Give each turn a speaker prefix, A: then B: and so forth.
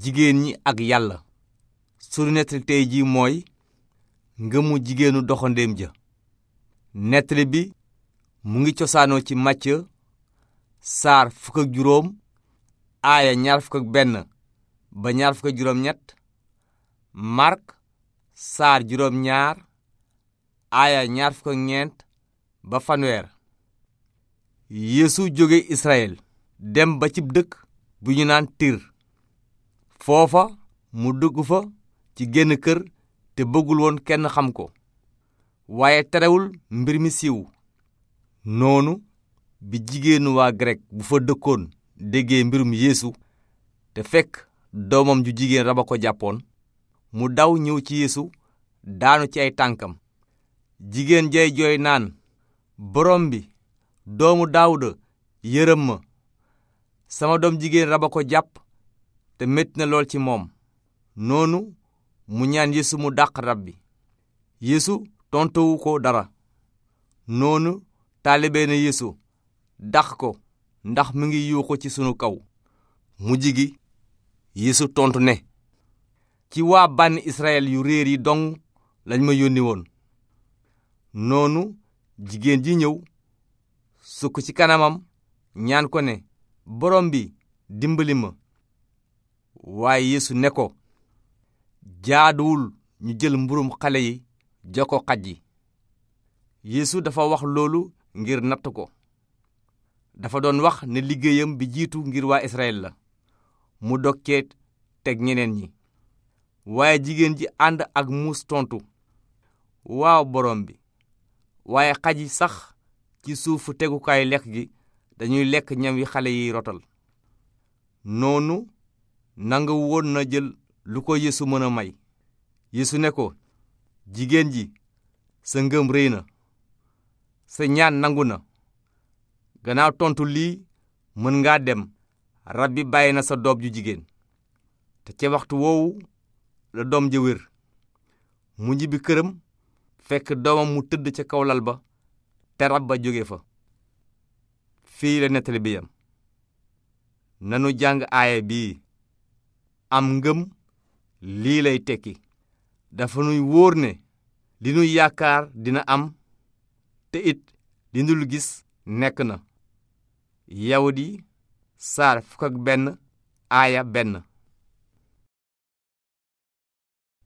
A: jigéen ñi ak yàlla sunu nettali tey ji mooy ngëmu jigéenu doxandéem ja nettali bi mu ngi cosaanoo ci Macë saar fukk ak juróom aaya ñaar fukk ak benn ba ñaar fukk ak juróom Mark saar juróom ñaar aaya ñaar fukk ak ñeent ba fanweer yéesu jóge Israyel dem ba cib dëkk bu ñu naan tiir foofa mu dugg fa ci génn kër te bëggul woon kenn xam ko waaye terewul mbir mi siiw noonu bi jigéenu waa grek bu fa dëkkoon déggee mbirum yéesu te fekk doomam ju jigéen rab a ko jàppoon mu daw ñëw ci yeesu daanu ci ay tànkam jigéen jay jooy naan borom bi doomu daawuda yërëm ma sama doom jigéen rab a ko jàpp te metti na lool ci moom noonu mu ñaan yeesu mu dàq rab bi yeesu tontuwu ko dara noonu taalibe na yeesu dàq ko ndax mu ngi yuuxu ci sunu kaw mu gi yéesu tontu ne ci waa bànn israel yu réer yi dong lañ ma yónni woon noonu jigéen ji ñëw sukk ci kanamam ñaan ko ne borom bi dimbali ma waaye yeesu ne ko jaaduwul ñu jël mburum xale yi jox ko xaj yi yéesu dafa wax loolu ngir natt ko dafa doon wax ne liggéeyam bi jiitu ngir waa israel la mu dokkee teg ñeneen ñi waaye jigéen ji ànd ak muus tontu waaw borom bi waaye xaj yi sax ci suufu tegukaay lekk gi dañuy lekk ñam wi xale yi rotal noonu nanga woon na jël lu ko yeesu mën a may yeesu ne ko jigéen ji sa ngëm réy na sa ñaan nangu na gannaaw tontu lii mën ngaa dem rab bi bàyyi na sa doom ju jigéen te ca waxtu woowu la doom ja wér mu ñibbi këram fekk doomam mu tëdd ca kaw lal ba te rab ba jóge fa fii la nettali bi yam nanu jàng aaya bii am ngëm lii lay tekki dafa nuy wóor ne li nuy yaakaar dina am te it li ndul gis nekk na yawut yi saar fukk ak benn aaya benn